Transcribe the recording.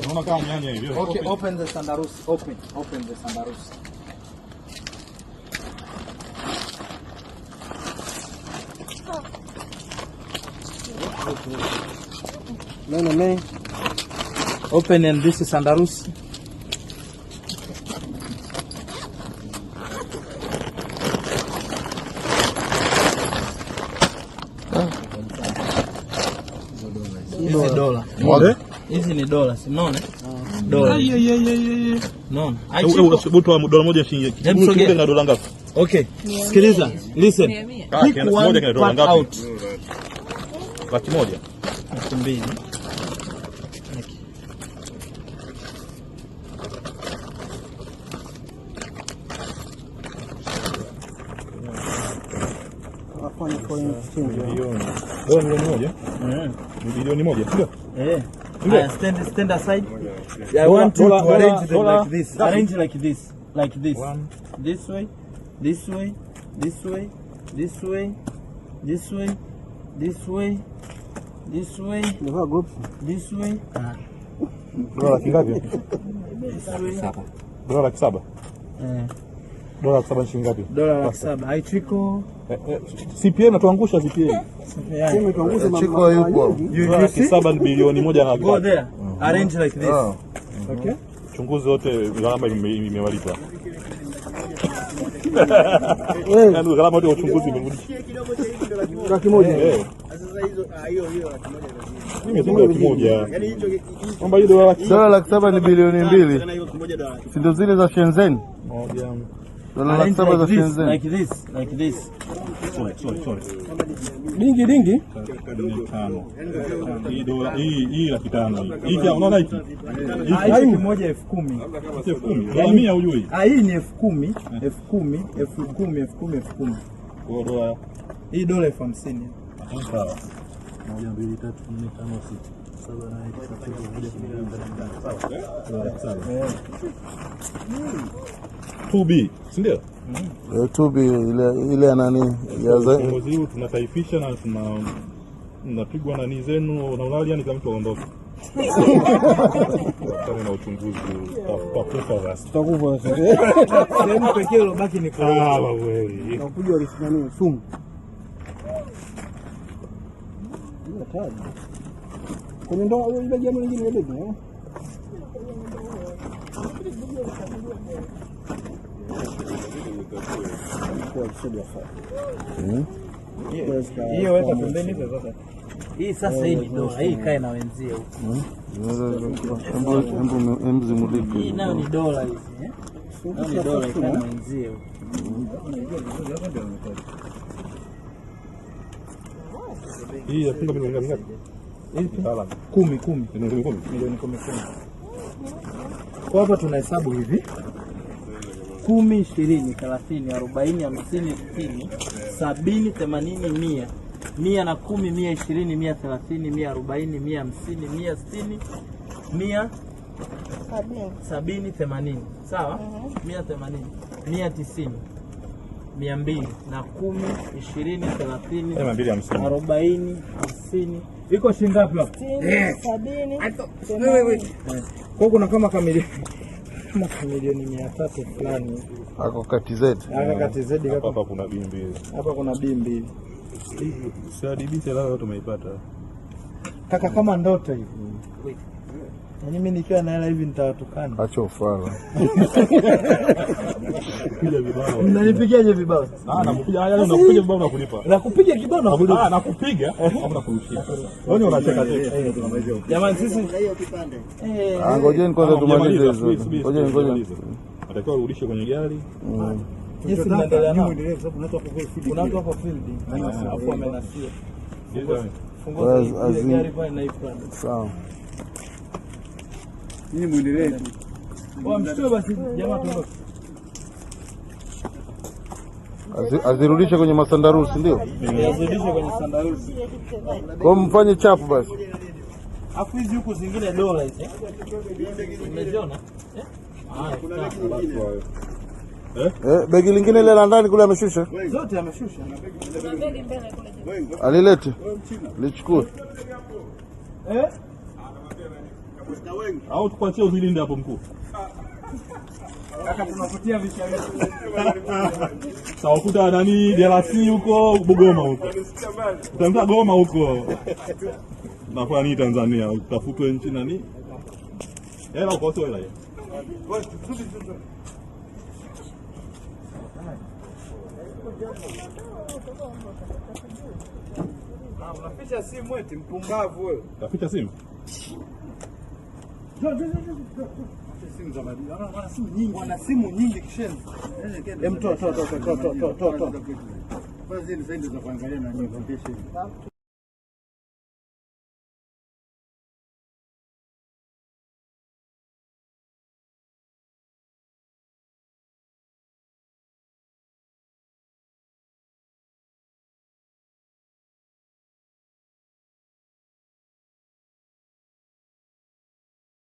Okay, open, the sandarusi. Open, open the sandarusi. No, no, no. Open and this is sandarusi. Hizi What? Mwage. Hizi ni dola, si unaona? Dola. Unaona? Butoa dola moja shilingi. na dola ngapi? Okay. Sikiliza, listen. Pick one part out. Laki moja. Laki mbili. Milioni moja. Eh. Milioni moja. Ndio. Eh. Uh, stand, stand aside. Yeah, I want you to arrange them like this. Arrange like this. Like this. This way, this way, this way, this way, this way, this way, this way, this way. Dola laki ngapi? Dola laki saba. Uh, dola laki saba shilingi ngapi? Dola laki saba. Haichiko CPA natuangusha, CPA laki saba ni bilioni moja na go there mm-hmm. arrange like this ah. mm-hmm. okay. Chunguzi wote gharama imewalipa yaani, gharama yote ya uchunguzi imerudi laki moja eh, eh. dola laki saba ni bilioni mbili, si ndio zile za Shenzhen Like this, like this, Sorry, sorry, sorry. Dingi dingi. Hii laki tano hii. unaona hiki? Ah, moja elfu kumi. Elfu kumi. Dola mia hujui. Ah, hii ni elfu kumi, elfu kumi, elfu kumi, elfu kumi, elfu kumi. Hii dola elfu hamsini. Sawa. Moja, mbili, tatu, nne, tano, sita. 2B, si ndio? YouTube eh, ile ile nani ya zaidi. tunataifisha na napigwa nani zenu na ulali, yani kila mtu aondoke na uchunguzi tutakufa sehemu pekee ilobaki ni walisimamia ah, sumu kwenye ndoa ile lingine sasa. Hii sasa hii ni dola, hii kae na wenzie huko. zimulike. Hii nayo ni dola hizi eh? ni dola ikae na wenzie huko. milioni ngapi? kumi kumi. Milioni kumi kumi. Kwa hapa tunahesabu hivi kumi, ishirini, thelathini, arobaini, hamsini, sitini, sabini, themanini, mia mia na kumi, mia ishirini, mia thelathini, mia arobaini, mia hamsini, mia sitini, mia sabini, themanini. Sawa, mhm. mia themanini, mia tisini, mia mbili na kumi, ishirini, thelathini, arobaini, hamsini. Iko shingapi hapo? Sabini. Kwa kuna kama kamili kama milioni mia tatu fulani mm. hapa. Kuna bimbi hapa, kuna bimbi siadibisha, leo tumeipata kaka, kama ndoto hivi mimi nikiwa na hela hivi nitawatukana. Acha ufala. Mnanipigaje vibao sasa? Ah, nakupiga ah, yaani vibao na kulipa. Nakupiga kibao na kulipa. Ah, nakupiga eh. au nakurushia. Wewe unacheka tu. Eh, eh. Jamani sisi Ah, ngojeni kwanza ah, tumalize hizo. Ngojeni ngojeni. Atakiwa urudishe kwenye gari. Jinsi tunaendelea nao. Unaanza kwa field. Hapo amenasia. Fungua. Sawa. Nyinyi muendelee tu. Msitoe basi jamaa Azirudishe kwenye masandarusi ndio? Azirudishe kwenye sandarusi. Kwa mfanye chapu basi. Afu hizi huko zingine dola hizi. Eh? Umeziona? Eh? eh, begi lingine ile la ndani kule ameshusha. Zote ameshusha. Alilete. Lichukue. Eh? au tukuachie uzilinde hapo mkuu? Tawakuta nani DRC huko Bugoma huko utaanza Goma huko nakua nii Tanzania utafutwe nchi nani hela ukose hela ah, Unaficha simu eti mpumbavu wewe. Unaficha simu? Wana simu nyingi kishenzi. Toa toa toa toa toa toa. Kwanza hizi zaidi za kuangalia na nyingi.